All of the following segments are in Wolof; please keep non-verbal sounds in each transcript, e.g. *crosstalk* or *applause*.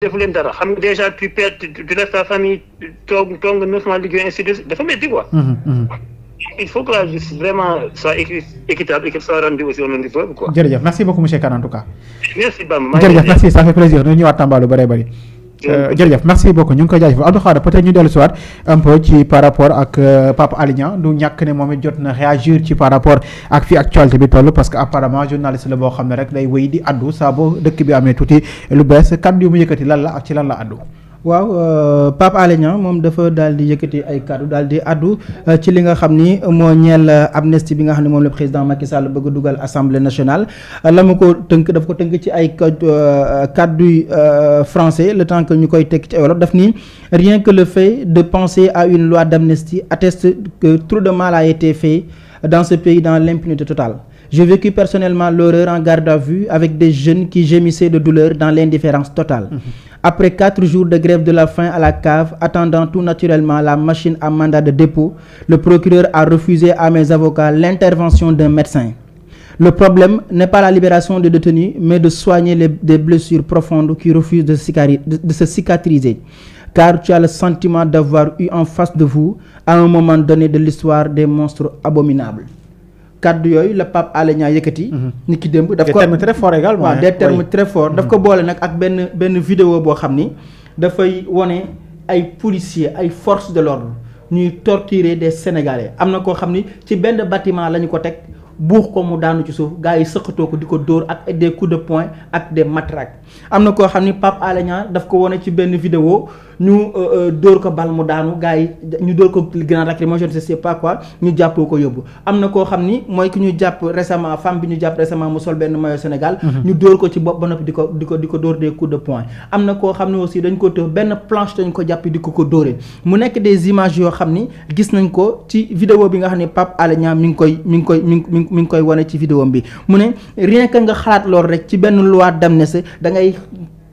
defu leen dara xam nga déjà tu perds tu laisses ta famille toog toog neuf liggéey ainsi dafa métti quoi mm-hmm, mm-hmm. il faut que la justice vraiment soit équitable et qu'elle soit rendue aussi au même niveau quoi merci beaucoup monsieur Kane en tout cas merci Bamba jërëjëf merci ça fait plaisir ñu ñëwaat Tamba lu bëree bëri Euh, jërëjëf merci beaucoup ñu ngi koy jaajëfal Abdou Khadre peut-être ñu dellu waat un ci par rapport ak euh, Pape Alé Niang du ñàkk ne moom it jot na réagir ci par rapport ak fi actualité bi toll parce que apparemment journaliste la boo xam ne rek day wéy di addu saa dëkk bi amee tuuti lu bees kaddu yu mu yëkkati lan la ak ci lan la addu waaw euh, Pape Alé Niang moom dafa daal di yëkkati ay kaddu daal di addu euh, ci li nga xam ni moo ñeel euh, amnistie bi nga xam ne moom la président Macky Sall bëgg dugal assemblée nationale la mu ko tënk dafa ko tënk ci ay kaddu kàddu français le temps que ñu koy teg ci wolof daf ni rien que le fait de penser à une loi d'amnistie atteste que trop de mala a été fait dans ce pays dans l'impunité totale J'ai vécu personnellement l'horreur en garde à vue avec des jeunes qui gémissaient dans l'indifférence totale. Mmh. Après quatre jours de grève de la faim à la cave, attendant tout naturellement la machine à mandat de dépôt, le procureur a refusé à mes avocats l'intervention d'un médecin. Le problème n'est pas la libération des détenus, mais de soigner les, des blessures profondes qui refusent de, de, de se cicatriser. Car tu as le sentiment d'avoir eu en face de vous, à un moment donné de l'histoire, des monstres abominables. kàddu yooyu la Pape Alé Niang yëkkati. Mhm. ni ki démb daf ko des termes très forts également. waaw très forts daf ko mhm. boole nag ak benn benn video boo xam ni dafay wone ay policiers ay forces de l'ordre ñuy torturer des sénégalais am na koo xam ni ci benn batiment la ñu ko teg buux ko mu daanu ci suuf gars yi sëqatoo ko di ko dóor ak des coups de poing ak des matraques am na koo xam ni Pape Alé daf ko wone ci benn vidéo ñu euh, euh, dóor ko bal mu daanu gars yi ñu dóor ko grenade lacrymogène je ne sais ñu jàppoo ko yóbbu am na koo xam ni mooy ki ñu jàpp récemment fem bi ñu jàpp récemment mu sol benn maillot Sénégal mhm. ñu dóor ko ci bopp di ko di ko di ko dóor des coups de poing am na koo xam ne aussi dañ ko tëf benn planche dañ ko jàpp di ko ko dóoree mu nekk des images yoo xam ni gis nañ ko ci vidéo bi nga xam ne pap Alé Niang mi ngi koy mi ngi koy mi ngi mi ngi koy wane ci vidéo bi mu ne rien que nga xalaat loolu rek ci benn loi d'amnistie da ngay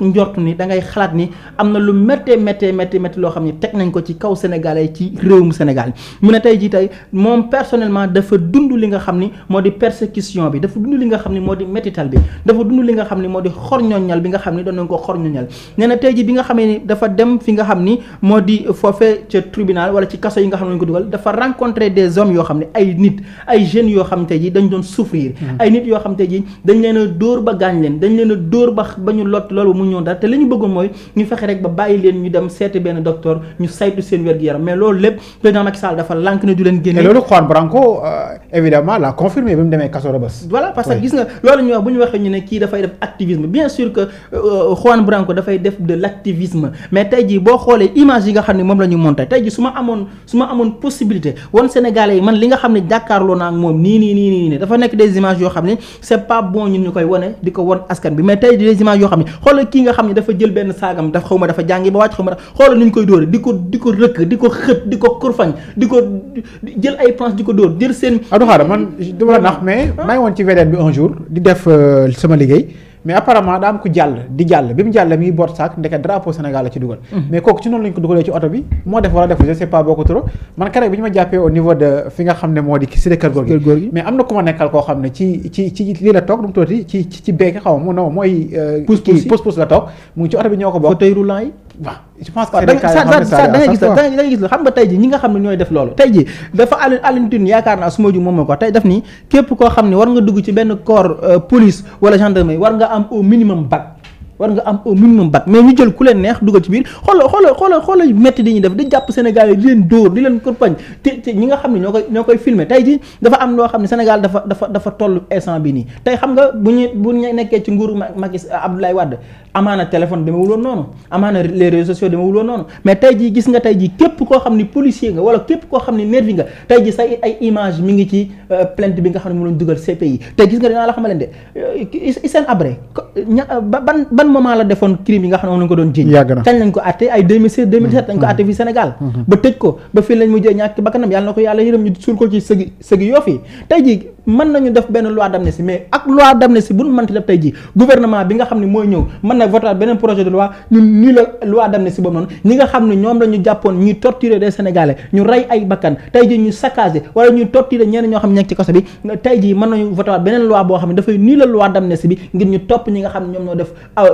njort ni da ngay xalaat ni am na lu méttee méttee méttee métti loo xam ni teg nañ ko ci kaw sénégalais ci réewum Sénégal mu ne tey jii tey moom personnellement dafa dund li nga xam ni moo di persécution bi dafa dund li nga xam ni moo di métital bi dafa dund li nga xam ni moo di xorñoñal bi nga xam ni doon nañ ko xorñoñal nee na tey jii bi nga xamee ni dafa dem fi nga xam ni moo di foofee ca tribunal wala ci kaso yi nga xam ne ko dugal dafa rencontrer des hommes yoo xam ne ay nit ay jeunes yoo xam tey ji dañ doon souffrir hmm. ay nit yoo xam tey jii dañ leen a dóor ba gaañ leen dañ leen a dóor ba mu dara te li ñu mooy ñu fexe rek ba bàyyi leen ñu dem seeti benn docteur ñu saytu seen wér-gu-yaram mais loolu lépp président Macky Sall dafa lànk ne du leen génne. loolu Juan Branco euh, évidemment l'a confirmé bi mu demee Kaso Rebeuss. voilà parce que gis nga loolu ñu wax bu waxee ñu ne kii dafay def activisme bien sûr que euh, Juan Branco dafay def de l' activisme mais tey jii boo xoolee image yi nga xam ne moom la ñu monté tey jii su ma amoon su ma amoon possibilité woon Sénégalais kii nga xam ne dafa jël benn saagam daf xaw ma dafa jàngi ba wàcc xaw ma da xoolal ni ñu koy dóore di ko di ko rëkk di ko xët di ko kurfañ di ko jël ay planche di ko dóor jël seen Abdou Khadre man du ma la nax mais ah. maa woon ci VDN bi un jour di def euh, sama liggéey mais apparemment daa am ku jàll di jàll bi mu jàll mi boot saak ndeke drapeau Sénégal la ci dugal mm. mais kooku ci noonu lañ ko dugalee ci oto bi moo def wala def je sais pas boo ko trop man keroog bi ñu ma jàppee au niveau de fi nga xam ne moo di cité kër góor gi mais am na ku ma nekkal koo xam ne ci ci ci lii la toog du mu tuuti ci ci beeke xaw ma non mooy euh, pousse pousse la toog mu ngi ci oto bi ñoo ko bokk fauteuil roulant yi waaw je pense que da ngay gis la da ngay gis la xam nga tey ji ñi nga xam ne ñooy def loolu tey ji dafa Alioune yaakaar naa su ma ju moom moo ko tey def nii képp koo xam ne war nga dugg ci benn koor euh, police wala gendarmerie war nga am au minimum bac war nga am au minimum bac mais ñu jël ku leen neex dugal ci biir xoola xoola xoola xoola métti di ñuy def di jàpp Sénégal yi di leen dóor di leen korpañ te ñi nga xam ne ñoo koy ñoo koy filmer tey ji dafa am loo xam ne Sénégal dafa dafa dafa toll instant bi nii tey xam nga bu ñu bu ñu nekkee ci nguuru Macky Abdoulaye Wade amaana téléphone demewul woon noonu amaana les réseaux sociaux demewul woon noonu mais tey ji gis nga tey ji képp koo xam ni policier nga wala képp koo xam ne nervi nga tey ji say ay image mi ngi ci euh, plainte bi nga xam ne mu leen dugal CPI tey gis nga dinaa la xamaleen de euh, Hissène Habré ban mais ak loi d'amnistie bu ñu mënti def tey jii gouvernement bi nga xam ne mooy ñëw mën na jàppoon ñuy torturer des Sénégalais ñu rey ay bakkan tey jii ñu saccagé wala ñuy torturer ñeneen ñoo xam ne nekk ci kaso bi tey jii mën nañu voter beneen loi boo xam ne dafay nii la loi d'amnistie bi ngir ñu topp ñi nga xam ne ñoom ñoo def euh,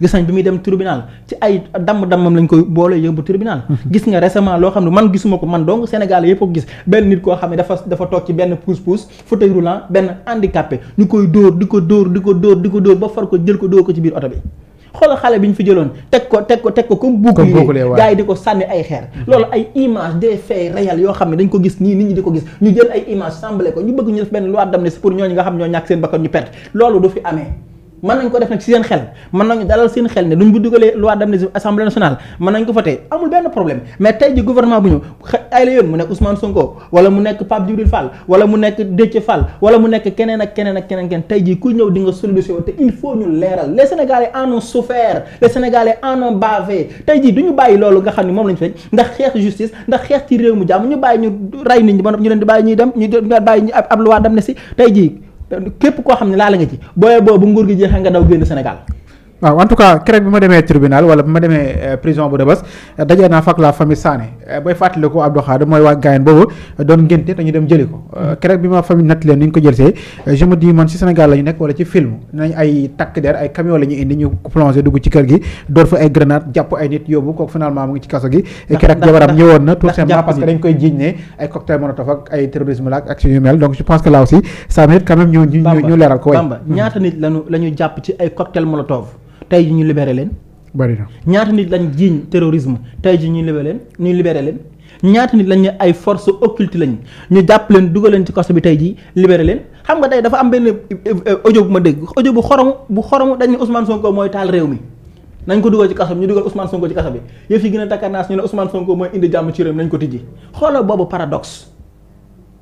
gis bi muy dem tribunal ci ay damm-dammam lañ koy boole yóbbu tribunal gis nga récemment loo xam ne man gisuma ko man donc Sénégal yëpp ko gis benn xam ne dafa dafa toog ci benn pousse-pousse fauteuil roulant benn di ko dóor di ko dóor di ko dóor ba ko jël ko dóor ci biir oto bi xoolal xale bi ñu fi jëloon teg ko teg ko teg ko comme bouclier gars yi ko sànni ay xeer mm-hmm. loolu ay image des faits réels yoo xam ne dañ ko gis nii nit ñi di ko gis ñu jël ay image semblé ko ñu bëgg ñu def benn loi d'amnistie pour ñooñu nga xam ñoo ñàkk seen bakkan ñu perte loolu du fi amee mën nañ ko def nag ci seen xel mën nañu dalal seen xel ne luñ bu dugalee loi d'amnistie assemblée nationale mën nañ ko voté amul benn problème mais tey ji gouvernement bu ñëw ay la yoon mu nekk Ousmane nekk Pape Djibril Fall wala mu nekk Déthié Fall wala mu nekk ak keneen ak keneen keneen tey ji ku ñëw di nga solution te il ñu leeral les Sénégalais en ont souffert en ont tey ji du ñu loolu nga xam ne moom lañ fekk ndax xeex justice ndax réew mu jàmm ñu bàyyi ñu rey nit ñi ba ñu leen di bàyyi ñuy dem ñu bàyyi ñu ab loi si tey ji képp koo xam ne laala nga ci booyee boobu bu nguur gi jeexee nga daw génn Sénégal waaw en tout cas keroog bi ma demee tribunal wala bi ma demee euh, prison bu Rebeuss euh, dajee naa fak la famille Sané euh, booy fàttali ko Abdou Khadre mooy dañu dem jëlsee hmm. je me man si Sénégal la nekk wala ci film nañ ay takk der ay camion la indi ñu plongé dugg ci kër gi door fa ay grenade jàpp ay nit yóbbu kooku finalement mu ngi ci kaso gi keroog jabaram ñëwoon na tout simplement parce que dañ koy jiiñ ne ay cocktail molotov ak ay terrorisme la ak action yu mel donc tey ji ñu libéré leen. bari na ñaata nit lañ jiiñ terrorisme tey ji ñu libéré leen ñu libéré leen ñaata nit lañ ne ay force occulte lañ ñu jàpp leen dugal leen ci kaso bi tey jii libéré leen xam nga tey dafa benn eh, audio bu ma dégg audio bu xoromu bu xoromu dañ ne Ousmane Sonko mooy taal mi. nañ ko dugal ci kaso bi ñu dugal Ousmane Sonko ci kaso bi yëf yi gën a takkanaas ñu ne Ousmane Sonko mooy indi jàmm ci réew mi nañ ko tijji xoolal boobu paradoxe.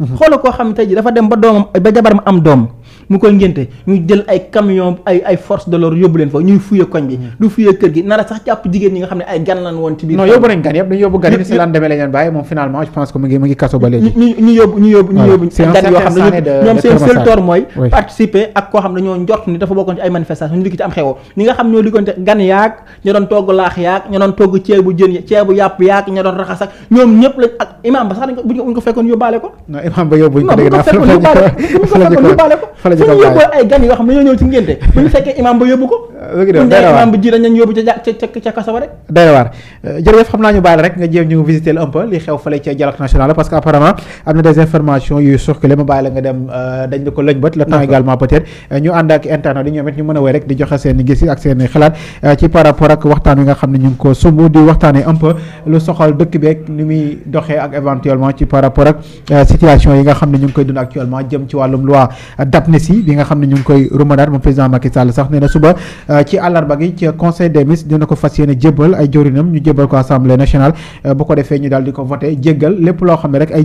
Mm-hmm. xoolal koo xam tey ji dafa dem ba doomam ba jabaram am doom mu koy ngénte ñu jël ay camion ay force de yóbbu leen fa ñuy fuye koñ bi mm-hmm. du fuye kër gi nara sax jàpp jigéen ñi nga xam ne ay gan lan woon ci biir non yóbbu nga xam ñoo ko buñ ko fekkoon yóbbaale ko *laughs* la ñu ko bàyyi ay gan yoo xam ne ñoo ñëw ci ngénte bu ñu fekkee imam ba yóbbu ko léegi de day day waar euh, xam naa ñu bàyyi rek nga jéem ñu visiter un li xew fële ca dialogue national parce que apparemment am na des informations yuy circulé ma bàyyi la nga dem euh, dañ la ko lëñbët le temps également peut euh, ñu ànd ak internet yi ñoom ñu mën a wéy rek di joxe seen gis ak seen xalaat ci par rapport ak waxtaan wi nga xam ne ñu ngi ko sumb di waxtaanee un lu soxal dëkk beeg ni muy doxee ak éventuellement ci par rapport ak situation yi Euh, ci àllarba gi ci conseil des dina ko fas yéene jébbal ay jëwrinam ñu jébbal ko assemblée nationale euh, bu ko defee ñu daal ko voté jéggal lépp loo xam ne rek ay